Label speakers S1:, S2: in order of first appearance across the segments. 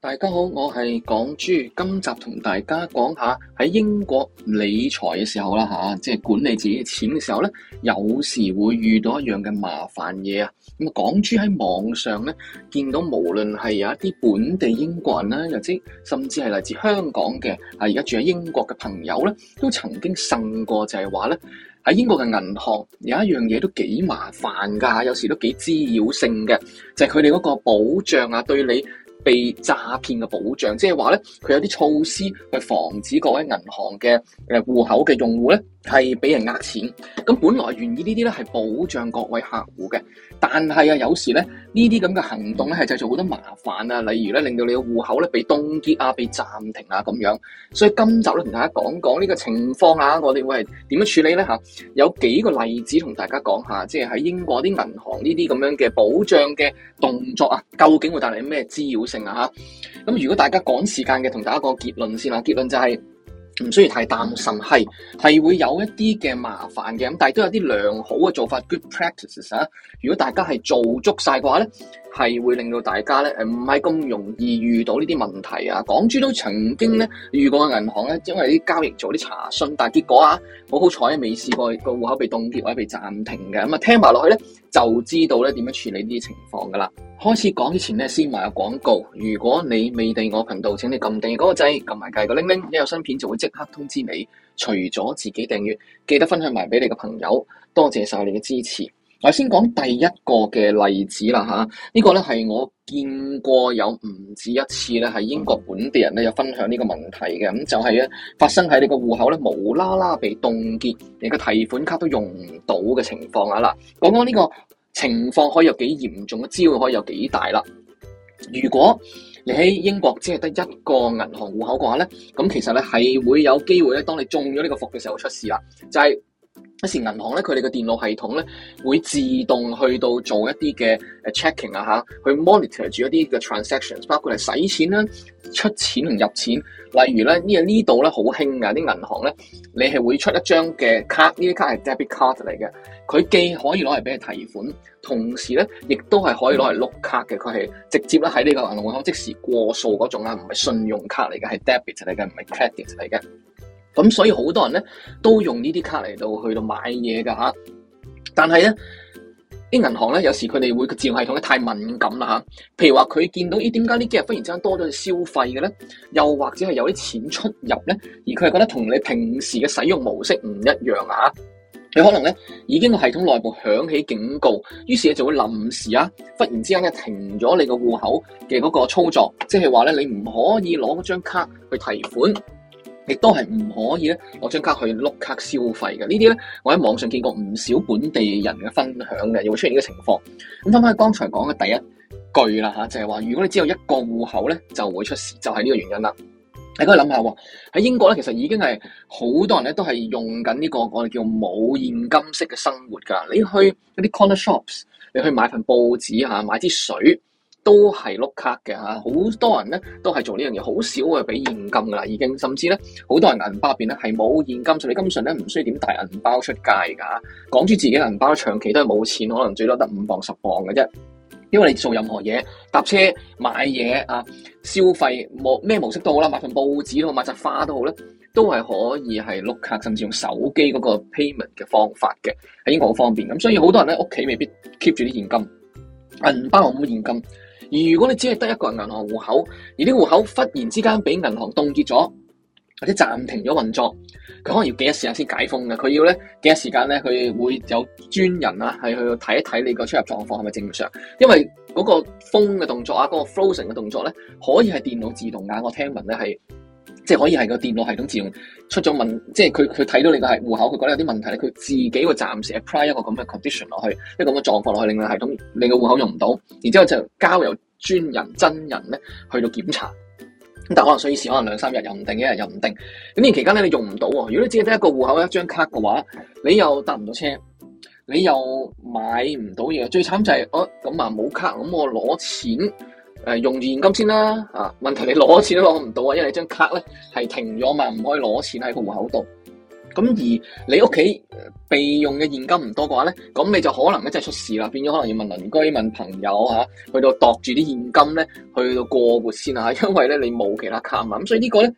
S1: 大家好，我係港豬，今集同大家講下喺英國理財嘅時候啦吓，即、啊、係、就是、管理自己嘅錢嘅時候咧，有時會遇到一樣嘅麻煩嘢啊。咁、嗯、港豬喺網上咧見到，無論係有一啲本地英國人啦，又知甚至係嚟自香港嘅，啊而家住喺英國嘅朋友咧，都曾經呻過，就係話咧喺英國嘅銀行有一樣嘢都幾麻煩㗎，有時都幾滋擾性嘅，就係佢哋嗰個保障啊對你。被詐騙嘅保障，即係話咧，佢有啲措施去防止各位銀行嘅誒戶口嘅用戶咧，係俾人呃錢。咁本來原意呢啲咧係保障各位客戶嘅，但係啊有時咧呢啲咁嘅行動咧係製造好多麻煩啊，例如咧令到你嘅戶口咧被凍結啊、被暫停啊咁樣。所以今集咧同大家講講呢個情況啊，我哋會係點樣處理咧嚇？有幾個例子同大家講下，即係喺英國啲銀行呢啲咁樣嘅保障嘅動作啊，究竟會帶嚟咩滋擾？成咁如果大家趕時間嘅，同大家個結論先啦。結論就係、係、唔需要太擔心，係係會有一啲嘅麻煩嘅。但係都有啲良好嘅做法，good practices 啊。如果大家係做足晒嘅話咧，係會令到大家咧誒唔係咁容易遇到呢啲問題啊。港豬都曾經咧遇過銀行咧，因為啲交易做啲查詢，但係結果啊，好好彩未試過個戶口被凍結或者被暫停嘅。咁啊聽埋落去咧，就知道咧點樣處理呢啲情況噶啦。開始講之前咧，先賣個廣告。如果你未訂我頻道，請你撳訂閱嗰個掣，撳埋計個鈴鈴，一有新片就會即刻通知你。除咗自己訂閱，記得分享埋俾你嘅朋友。多謝晒你嘅支持。我先講第一個嘅例子啦吓，呢個咧係我見過有唔止一次咧，係英國本地人咧有分享呢個問題嘅。咁就係啊，發生喺你個戶口咧無啦啦被凍結，你個提款卡都用唔到嘅情況下嗱，講講呢個。情況可以有幾嚴重，招可以有幾大啦。如果你喺英國只係得一個銀行戶口嘅話咧，咁其實咧係會有機會咧，當你中咗呢個伏嘅時候出事啦，就係、是。一時銀行咧，佢哋嘅電腦系統咧會自動去到做一啲嘅誒 checking 啊嚇，去 monitor 住一啲嘅 transactions，包括係使錢啦、出錢同入錢。例如咧呢啊呢度咧好興㗎啲銀行咧，你係會出一張嘅卡，呢啲卡係 debit card 嚟嘅，佢既可以攞嚟俾你提款，同時咧亦都係可以攞嚟碌卡嘅，佢係、嗯、直接咧喺呢個銀行即時過數嗰種啦，唔係信用卡嚟嘅，係 debit 嚟嘅，唔係 credit 嚟嘅。咁所以好多人咧都用呢啲卡嚟到去到買嘢噶吓，但係咧啲銀行咧有時佢哋會個自動系統咧太敏感啦吓，譬如話佢見到咦，點解呢幾日忽然之間多咗消費嘅咧，又或者係有啲錢出入咧，而佢係覺得同你平時嘅使用模式唔一樣啊，你可能咧已經個系統內部響起警告，於是你就會臨時啊忽然之間咧停咗你個戶口嘅嗰個操作，即係話咧你唔可以攞嗰張卡去提款。亦都係唔可以咧攞張卡去碌卡消費嘅，呢啲咧我喺網上見過唔少本地人嘅分享嘅，又會出現呢個情況。咁翻返去剛才講嘅第一句啦嚇，就係話如果你只有一個戶口咧，就會出事，就係呢個原因啦。
S2: 你嗰度諗下
S1: 喎？喺英國咧，其實已經係好多人咧都係用緊呢個我哋叫冇現金式嘅生活㗎。你去一啲 corner shops，你去買份報紙嚇，買支水。都係碌卡嘅嚇，好多人咧都係做呢樣嘢，好少會俾現金噶啦，已經甚至咧好多人銀包入邊咧係冇現金，所以你根本上咧唔需要點帶銀包出街噶。講住自己銀包長期都係冇錢，可能最多得五磅十磅嘅啫。因為你做任何嘢，搭車買嘢啊，消費冇咩模式都好啦，買份報紙都好，買扎花都好咧，都係可以係碌卡，甚至用手機嗰個 payment 嘅方法嘅，喺英國好方便咁，啊，所以好多人咧屋企未必 keep 住啲現金，銀包冇現金。而如果你只係得一個銀行戶口，而啲戶口忽然之間俾銀行凍結咗，或者暫停咗運作，佢可能要幾日時間先解封嘅。佢要咧幾日時間咧，佢會有專人啊，係去睇一睇你個出入狀況係咪正常。因為嗰個封嘅動作啊，嗰個 frozen 嘅動作咧，可以係電腦自動嘅。我聽聞咧係。即係可以係個電腦系統自用。出咗問，即係佢佢睇到你個係戶口，佢覺得有啲問題咧，佢自己會暫時 apply 一個咁嘅 condition 落去，一個咁嘅狀況落去，令個系統令個戶口用唔到，然之後就交由專人真人咧去到檢查。咁但可能隨時可能兩三日又唔定，一日又唔定。咁呢段期間咧，你用唔到喎。如果你只係得一個戶口、一張卡嘅話，你又搭唔到車，你又買唔到嘢。最慘就係、是，哦咁啊冇卡，咁我攞錢。誒用現金先啦，啊問題你攞錢都攞唔到啊，因為你張卡咧係停咗嘛，唔可以攞錢喺個戶口度。咁而你屋企備用嘅現金唔多嘅話咧，咁你就可能咧真係出事啦，變咗可能要問鄰居問朋友嚇，去到度住啲現金咧，去到過活先啊，因為咧你冇其他卡嘛。咁所以呢個咧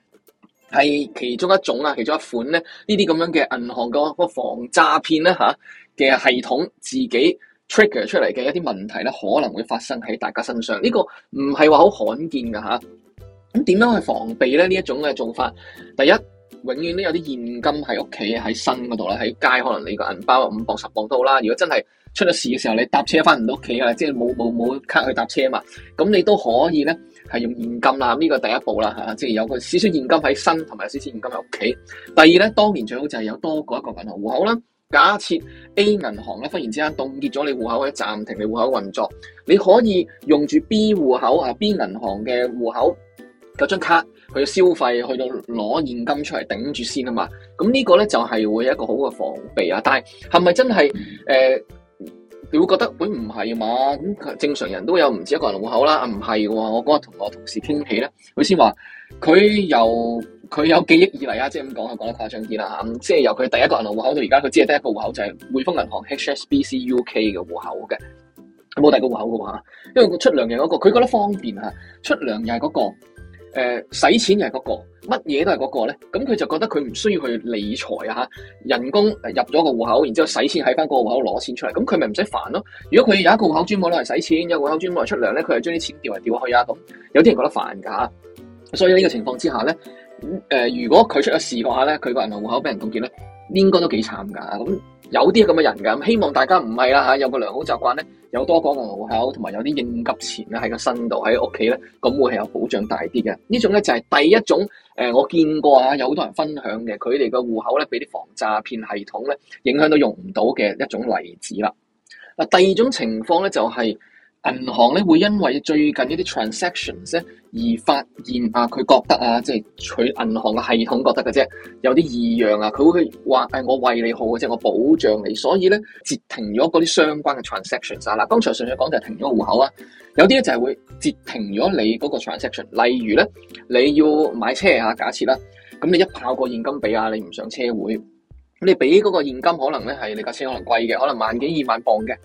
S1: 係其中一種啊，其中一款咧呢啲咁樣嘅銀行個防詐騙咧嚇嘅系統自己，trigger 出嚟嘅一啲問題咧，可能會發生喺大家身上。呢個唔係話好罕見㗎吓，咁、啊、點樣去防備咧？呢一種嘅做法，第一，永遠都有啲現金喺屋企喺身嗰度啦，喺街可能你個銀包五磅十磅到啦。如果真係出咗事嘅時候，你搭車翻唔到屋企啊，即係冇冇冇卡去搭車啊嘛。咁你都可以咧，係用現金啦。呢個第一步啦嚇、啊，即係有個少少現金喺身，同埋少少現金喺屋企。第二咧，當然最好就係有多過一個銀行戶口啦。假設 A 銀行咧，忽然之間凍結咗你戶口，或者暫停你戶口運作，你可以用住 B 戶口啊 B 銀行嘅戶口嗰張卡去消費，去到攞現金出嚟頂住先啊嘛。咁呢個呢，就係會有一個好嘅防備啊。但係係咪真係誒？呃你會覺得佢唔係嘛？咁正常人都有唔止一個銀行戶口啦。唔係嘅喎，我嗰日同我同事傾起咧，佢先話佢由佢有記憶以嚟啊，即係咁講，佢講得誇張啲啦嚇。即係由佢第一個銀行戶口到而家，佢只係得一個戶口就匯豐銀，就係匯豐銀行 HSBC UK 嘅戶口嘅，冇第二個戶口嘅喎嚇。因為出糧嘅嗰個，佢覺得方便嚇，出糧又係嗰個。誒使、呃、錢又係嗰個，乜嘢都係嗰個咧，咁佢就覺得佢唔需要去理財啊！哈，人工入咗個戶口，然之後使錢喺翻嗰個戶口攞錢出嚟，咁佢咪唔使煩咯。如果佢有一個戶口專門攞嚟使錢，有一個戶口專門嚟出糧咧，佢係將啲錢調嚟調去啊！咁有啲人覺得煩㗎嚇，所以呢個情況之下咧，誒、呃、如果佢出咗事嘅話咧，佢個銀行戶口俾人凍結咧。應該都幾慘㗎，咁有啲咁嘅人㗎，咁希望大家唔係啦嚇，有個良好習慣咧，有多個銀行戶口，同埋有啲應急錢咧喺個身度，喺屋企咧，咁會係有保障大啲嘅。這種呢種咧就係、是、第一種，誒、呃、我見過啊，有好多人分享嘅，佢哋個戶口咧俾啲防詐騙系統咧影響到用唔到嘅一種例子啦。啊，第二種情況咧就係、是。銀行咧會因為最近一啲 transactions 咧而發現啊，佢覺得啊，即係取銀行嘅系統覺得嘅啫，有啲異樣啊，佢會去話誒，我為你好嘅啫，我保障你，所以咧截停咗嗰啲相關嘅 transactions 啊。嗱，剛才上咗講就係停咗戶口，啊，有啲咧就係會截停咗你嗰個 transaction。例如咧，你要買車呀，啊，假設啦，咁你一炮過現金俾，啊，你唔上車會，你俾嗰個現金可能咧係你架車可能貴嘅，可能萬幾二萬磅嘅。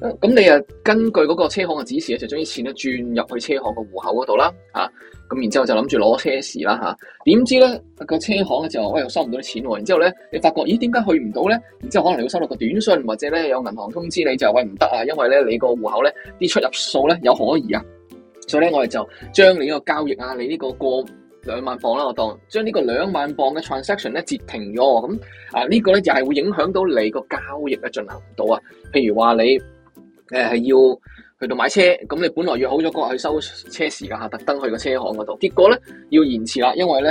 S1: 咁你啊，根據嗰個車行嘅指示咧，就將啲錢咧轉入去車行個戶口嗰度啦，咁、啊、然之後就諗住攞車匙啦嚇，點、啊、知咧個車行咧就喂、哎、又收唔到啲錢喎，然之後咧你發覺咦點解去唔到咧？然之後可能你要收到個短信，或者咧有銀行通知你就喂唔得啊，因為咧你個戶口咧啲出入數咧有可疑啊，所以咧我哋就將你呢個交易啊，你呢個過兩萬磅啦、啊，我當將呢個兩萬磅嘅 transaction 咧截停咗喎，咁啊、這個、呢個咧又係會影響到你、這個交易嘅進行唔到啊，譬如話你。誒，係要去到買車，咁你本來約好咗個去收車匙嘅，吓，特登去個車行嗰度，結果咧要延遲啦，因為咧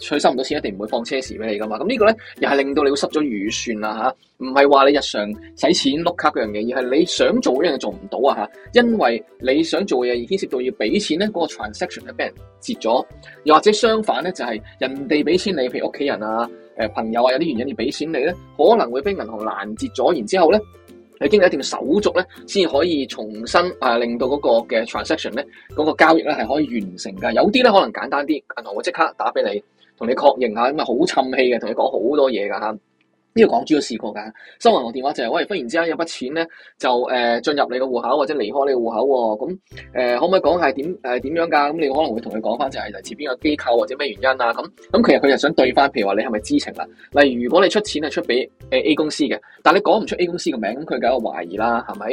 S1: 誒佢收唔到錢，一定唔會放車匙俾你噶嘛。咁、嗯這個、呢個咧又係令到你會失咗預算啦吓，唔係話你日常使錢碌卡嗰樣嘢，而係你想做嗰樣嘢做唔到啊吓，因為你想做嘢已經涉及到要俾錢咧，嗰、那個 transaction 係俾人截咗，又或者相反咧，就係、是、人哋俾錢你，譬如屋企人啊、誒、呃、朋友啊，有啲原因要俾錢你咧，可能會俾銀行攔截咗，然之後咧。經歷一定段手續咧，先可以重新啊，令到嗰個嘅 transaction 咧，嗰、嗰個交易咧係可以完成噶。有啲咧可能簡單啲，銀行會即刻打俾你，同你確認下，咁啊好沉氣嘅，同你講好多嘢噶吓。呢個港豬都試過㗎，收銀行電話就係、是，喂，忽然之間有筆錢咧，就誒進、呃、入你個戶口或者離開你個戶口喎，咁、呃、誒、呃、可唔可以講係點誒點樣㗎？咁、嗯、你可能會同佢講翻就係嚟自邊個機構或者咩原因啊？咁、嗯、咁其實佢又想對翻，譬如話你係咪知情啦？例如如果你出錢係出俾誒 A 公司嘅，但你講唔出 A 公司個名，咁佢梗係懷疑啦，係咪？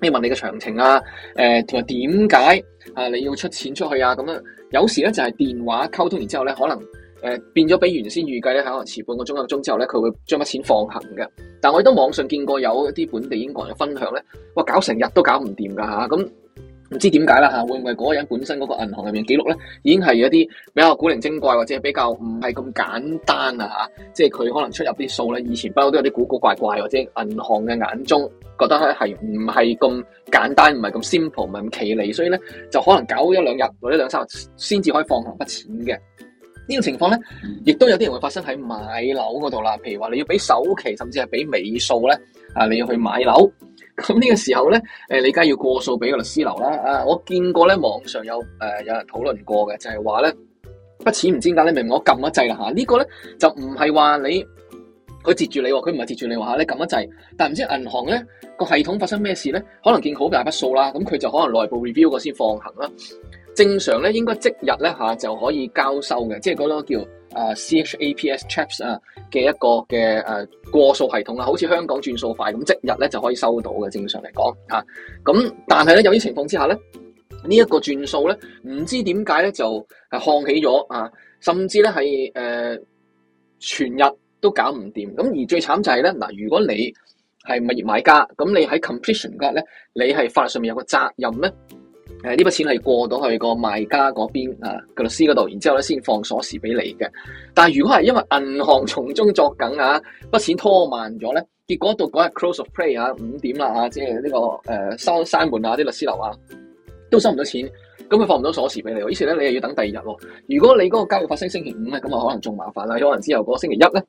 S1: 你問你嘅詳情啊，誒同埋點解啊？你要出錢出去啊？咁、嗯、樣有時咧就係、是、電話溝通完之後咧，可能。誒、呃、變咗比原先預計咧，可能遲半個鐘一個鐘之後咧，佢會將筆錢放行嘅。但我亦都網上見過有一啲本地英國人分享咧，哇！搞成日都搞唔掂㗎嚇，咁唔知點解啦嚇？會唔會嗰個人本身嗰個銀行入面記錄咧，已經係一啲比較古靈精怪或者比較唔係咁簡單啊，啊即係佢可能出入啲數咧，以前不嬲都有啲古古怪怪，或者銀行嘅眼中覺得係唔係咁簡單，唔係咁 simple，唔係咁企理，所以咧就可能搞一兩日或者兩三日先至可以放行筆錢嘅。呢個情況咧，亦都有啲人會發生喺買樓嗰度啦。譬如話，你要俾首期，甚至係俾尾數咧，啊，你要去買樓。咁呢個時候咧，誒，你梗家梗係要過數俾個律師樓啦。啊，我見過咧，網上有誒、呃、有人討論過嘅，就係話咧，筆錢唔知點解咧，明唔明我撳一掣啦，嚇、這個、呢個咧就唔係話你佢截住你，佢唔係截住你喎你撳、啊、一掣，但唔知銀行咧、這個系統發生咩事咧，可能見好大筆數啦，咁佢就可能內部 review 過先放行啦。正常咧應該即日咧嚇就可以交收嘅，即係嗰個叫誒 CHAPS、CHAPS 啊嘅一個嘅誒過數系統啊，好似香港轉數快咁，即日咧就可以收到嘅。正常嚟講嚇，咁、啊、但係咧有啲情況之下咧，呢、這、一個轉數咧唔知點解咧就係扣起咗啊，甚至咧係誒全日都搞唔掂。咁而最慘就係咧嗱，如果你係物業買家，咁你喺 completion 嗰日咧，你係法律上面有個責任咧。誒，呢筆錢係過到去個賣家嗰邊啊個律師嗰度，然之後咧先放鎖匙俾你嘅。但係如果係因為銀行從中作梗啊，筆錢拖慢咗咧，結果到嗰日 close of play 啊五點啦、啊啊這個呃啊、即係呢個誒收閂門啊啲律師樓啊都收唔到錢，咁佢放唔到鎖匙俾你，於是咧你又要等第二日喎。如果你嗰個交易發生星期五咧，咁啊可能仲麻煩啦，可能之後嗰個星期一咧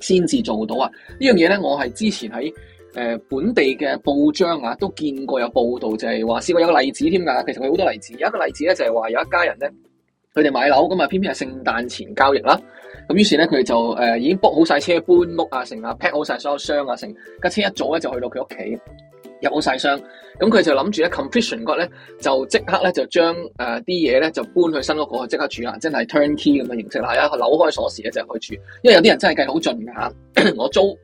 S1: 先至做到啊。呢樣嘢咧我係之前喺。誒本地嘅報章啊，都見過有報道就，就係話試過有個例子添㗎。其實佢好多例子，有一個例子咧就係、是、話有一家人咧，佢哋買樓咁啊，偏偏係聖誕前交易啦。咁於是咧佢哋就誒、呃、已經 book 好晒車搬屋啊，成啊 pack 好晒所有箱啊，成架車一早咧就去到佢屋企，入好晒箱。咁佢就諗住咧 completion 角咧，就即刻咧就將誒啲嘢咧就搬去新屋嗰度即刻住啦，即係 turn key 咁嘅形式啦，扭開鎖匙咧就是、去住。因為有啲人真係計好盡㗎，我租。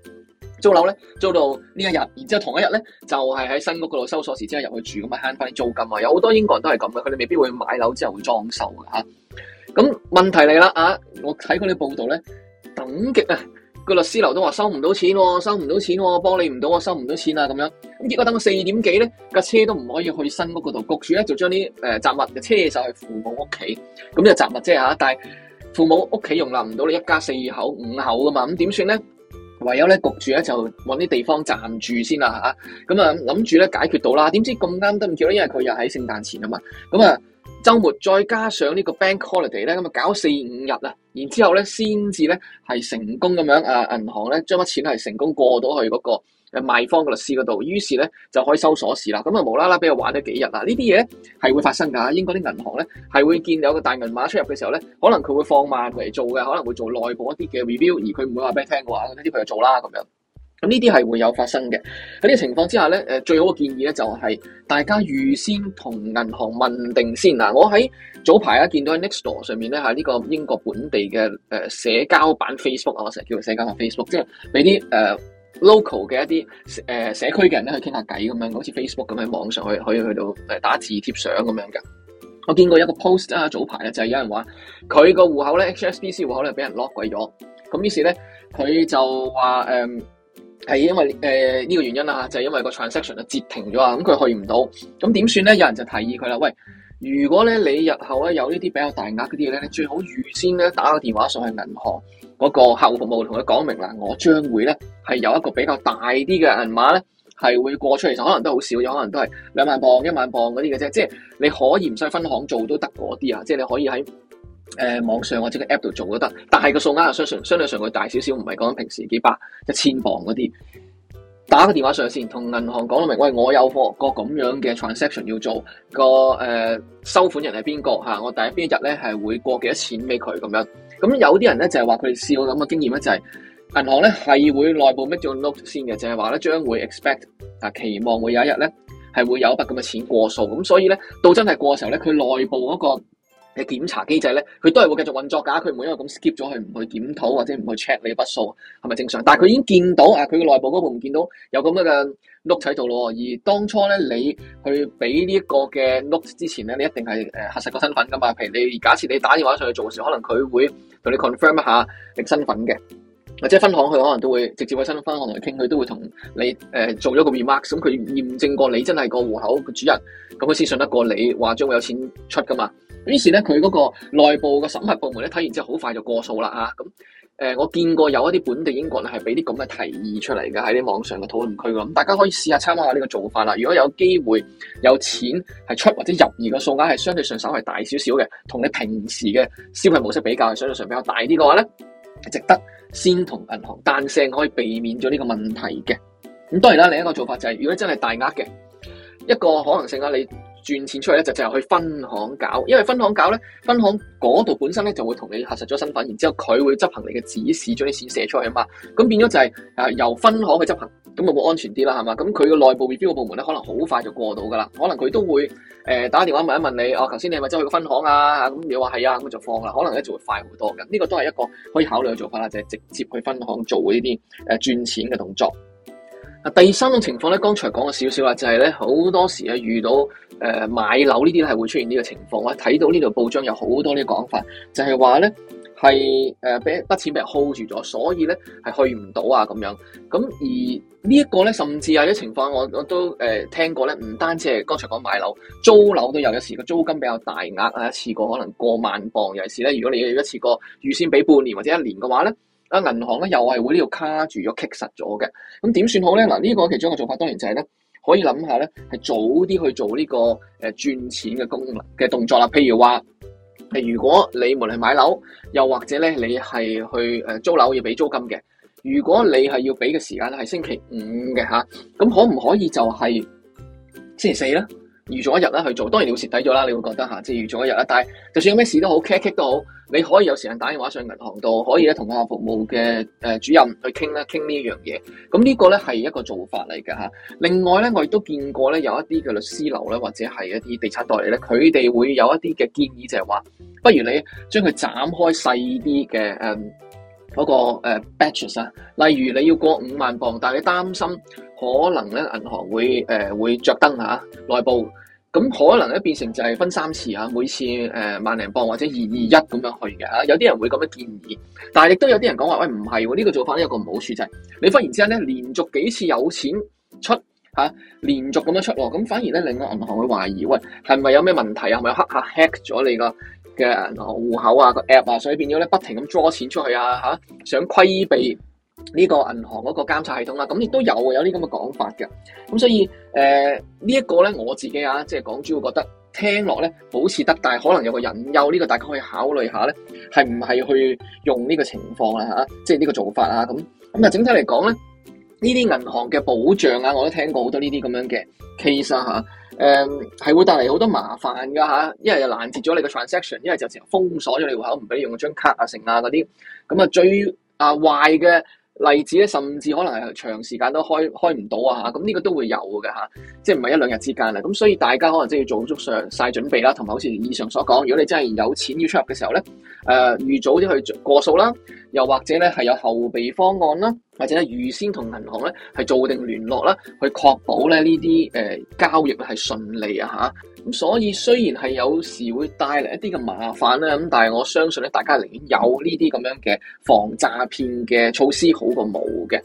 S1: 租樓咧，租到呢一日，然之後同一日咧，就係、是、喺新屋度收鎖匙，之後入去住，咁咪慳翻啲租金啊！有好多英國人都係咁嘅，佢哋未必會買樓之後會裝修嘅吓。咁、啊嗯、問題嚟啦啊！我睇佢哋報道咧，等極啊，個律師樓都話收唔到錢、哦，收唔到錢、哦，喎，幫你唔到，我收唔到錢啊！咁樣咁結果等到四點幾咧，架車都唔可以去新屋嗰度焗住咧，就將啲誒、呃、雜物嘅車就係父母屋企，咁就雜物啫吓、啊。但係父母屋企容納唔到你一家四口五口噶嘛，咁點算咧？唯有咧焗住咧，就揾啲地方站住先啦嚇，咁啊諗住咧解決到啦，點知咁啱得咁巧咧，因為佢又喺聖誕前啊嘛，咁、嗯、啊～、嗯周末再加上呢個 bank holiday 咧，咁啊搞四五日啦，然之後咧先至咧係成功咁樣啊，銀、呃、行咧將筆錢係成功過到去嗰個賣賣方嘅律師嗰度，於是咧就可以收鎖匙啦。咁啊無啦啦俾佢玩咗幾日啦。呢啲嘢係會發生㗎。英國啲銀行咧係會見到一個大銀碼出入嘅時候咧，可能佢會放慢嚟做嘅，可能會做內部一啲嘅 review，而佢唔會話俾你聽嘅話，呢啲佢就做啦咁樣咁呢啲係會有發生嘅。喺呢個情況之下咧，呃、最好嘅建議咧就係大家預先同銀行問定先嗱。我喺早排啊見到喺 Nextdoor 上面咧，係呢個英國本地嘅、呃、社交版 Facebook 啊，我成日叫做社交版 Facebook，即係俾啲 local 嘅一啲、呃、社區嘅人咧去傾下偈咁樣，好似 Facebook 咁喺網上去可以去，去到打字貼相咁樣嘅。我見過一個 post 啊，早排咧就係、是、有人話佢個戶口咧 HSBC 戶口咧俾人 lock 鬼咗，咁於是咧佢就話係因為誒呢、呃這個原因啊，就係、是、因為個 transaction 啊截停咗啊，咁、嗯、佢去唔到咁點算咧？有人就提議佢啦，喂，如果咧你日後咧有呢啲比較大額嗰啲嘢咧，最好預先咧打個電話上去銀行嗰、那個客戶服務，同佢講明啦，我將會咧係有一個比較大啲嘅銀碼咧係會過出嚟，就可能都好少有可能都係兩萬磅、一萬磅嗰啲嘅啫。即係你可以唔使分行做都得嗰啲啊，即係你可以喺。誒、呃，網上或者個 App 度做都得，但係個數額相信相對上會大少少，唔係講平時幾百、一千磅嗰啲。打個電話上去先，同銀行講到明，喂，我有個個咁樣嘅 transaction 要做，個誒、呃、收款人係邊個吓？我第邊一日咧係會過幾多錢俾佢咁樣？咁有啲人咧就係話佢哋試過咁嘅經驗啦，就係、是、銀、就是、行咧係會內部咩叫 note 先嘅，就係話咧將會 expect 啊，期望每天會有一日咧係會有一筆咁嘅錢過數，咁所以咧到真係過嘅時候咧，佢內部嗰、那個。嘅檢查機制咧，佢都係會繼續運作㗎，佢唔會因為咁 skip 咗佢，唔去檢討或者唔去 check 你筆數，係咪正常？但係佢已經見到啊，佢嘅內部嗰部唔見到有咁樣嘅 note 喺度咯。而當初咧，你去俾呢一個嘅 note 之前咧，你一定係誒核實個身份㗎嘛。譬如你假設你打電話上去做嘅時候，可能佢會同你 confirm 一下你身份嘅。或者分行佢可能都會直接去新東分行同你傾，佢都會同你誒、呃、做咗個 remark 咁佢驗證過你真係個戶口嘅主人，咁佢先信得過你話將會有錢出噶嘛。於是咧，佢嗰個內部嘅審核部門咧睇完之後，好快就過數啦吓，咁、啊、誒、呃，我見過有一啲本地英國咧係俾啲咁嘅提議出嚟嘅喺啲網上嘅討論區。咁大家可以試下參考下呢個做法啦。如果有機會有錢係出或者入而個數額係相對上稍為大少少嘅，同你平時嘅消費模式比較係相對上比較大啲嘅話咧。值得先同銀行彈性可以避免咗呢個問題嘅。咁當然啦，另一個做法就係，如果真係大額嘅一個可能性啊，你，轉錢出嚟咧，就淨係去分行搞，因為分行搞咧，分行嗰度本身咧就會同你核實咗身份，然之後佢會執行你嘅指示，將啲錢寫出去啊嘛，咁變咗就係啊由分行去執行，咁就會安全啲啦，係嘛？咁佢嘅內部目標嘅部門咧，可能好快就過到噶啦，可能佢都會誒、呃、打電話問一問你，哦，頭先你係咪走去個分行啊？咁你話係啊，咁就放啦，可能咧就會快好多嘅，呢個都係一個可以考慮嘅做法啦，就係直接去分行做呢啲誒轉錢嘅動作。第三種情況咧，剛才講咗少少啦，就係咧好多時啊遇到誒、呃、買樓呢啲咧，係會出現呢個情況。我睇到呢度報章有好多啲講法，就係話咧係誒俾筆錢俾人 hold 住咗，所以咧係去唔到啊咁樣。咁而這個呢一個咧，甚至有啲情況，我我都誒、呃、聽過咧，唔單止係剛才講買樓，租樓都有有時個租金比較大額啊，一次過可能過萬磅，尤其是咧，如果你有一次過預先俾半年或者一年嘅話咧。.啊！銀行咧又係會呢度卡住咗，棘實咗嘅。咁點算好咧？嗱，呢個其中一個做法當然就係咧，可以諗下咧，係早啲去做呢個誒轉錢嘅功能嘅動作啦。譬如話，誒如果你哋係買樓，又或者咧你係去租樓要俾租金嘅，如果你係要俾嘅時間咧係星期五嘅，吓，咁可唔可以就係星期四咧？預咗一日啦，去做，當然你要蝕底咗啦，你會覺得吓，即係預咗一日啦。但係就算有咩事都好，cut cut 都好，你可以有時間打電話上銀行度，可以咧同下服務嘅誒主任去傾啦，傾呢一樣嘢。咁、嗯、呢、這個咧係一個做法嚟噶吓。另外咧，我亦都見過咧有一啲嘅律師樓咧，或者係一啲地產代理咧，佢哋會有一啲嘅建議，就係話，不如你將佢斬開細啲嘅誒嗰個誒、呃、batch 啊，例如你要過五萬磅，但係你擔心。可能咧，銀行會誒、呃、會著燈嚇內部，咁、啊、可能咧變成就係分三次、啊、每次、呃、萬零磅或者二二一咁樣去嘅、啊、有啲人會咁樣建議，但係亦都有啲人講話喂唔係喎，呢、哎這個做法咧有、這個唔好處就係、是、你忽然之間咧連續幾次有錢出、啊、連續咁樣出喎，咁、啊、反而咧令到銀行會懷疑喂係咪有咩問題啊？係咪黑客 hack 咗你個嘅銀行戶口啊、這個 app 啊，所以變咗咧不停咁 draw 錢出去啊想規避。呢個銀行嗰個監察系統啦，咁亦都有有啲咁嘅講法嘅。咁、嗯、所以誒，呃這個、呢一個咧，我自己啊，即係講主要覺得聽落咧，保持得，但係可能有個隱憂呢個，大家可以考慮下咧，係唔係去用呢個情況啊？嚇，即係呢個做法啊。咁咁啊，整體嚟講咧，呢啲銀行嘅保障啊，我都聽過好多呢啲咁樣嘅 case 啊，嚇誒係會帶嚟好多麻煩㗎嚇。一係又攔截咗你嘅 transaction，一係就成日封鎖咗你戶口，唔俾用張卡等等啊、成啊嗰啲。咁啊，最啊壞嘅～例子咧，甚至可能係長時間都開開唔到啊！嚇，咁呢個都會有嘅、啊、即係唔係一兩日之間啦。咁、啊、所以大家可能真係要做足上曬準備啦，同埋好似以上所講，如果你真係有錢要出入嘅時候咧，誒、呃、預早啲去過數啦。又或者咧係有後備方案啦，或者預先同銀行咧係做定聯絡啦，去確保咧呢啲誒交易係順利啊吓，咁所以雖然係有時會帶嚟一啲嘅麻煩啦，咁但係我相信咧大家寧願有呢啲咁樣嘅防詐騙嘅措施，好過冇嘅。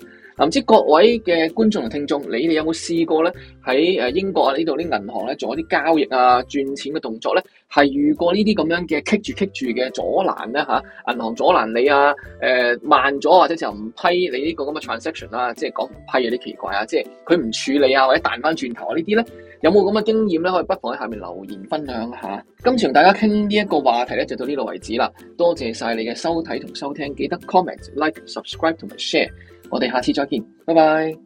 S1: 唔知各位嘅觀眾同聽眾，你哋有冇試過咧？喺誒英國啊呢度啲銀行咧做一啲交易啊轉錢嘅動作咧，係遇過呢啲咁樣嘅棘住棘住嘅阻攔咧吓？銀行阻攔你啊？誒、呃、慢咗或者就唔批你呢個咁嘅 transaction 啦、啊，即係講唔批有啲奇怪啊，即係佢唔處理啊或者彈翻轉頭、啊、呢啲咧，有冇咁嘅經驗咧？可以不妨喺下面留言分享一下。今次同大家傾呢一個話題咧就到呢度為止啦。多謝曬你嘅收睇同收聽，記得 comment、like、subscribe 同埋 share。我哋下次再見，拜拜。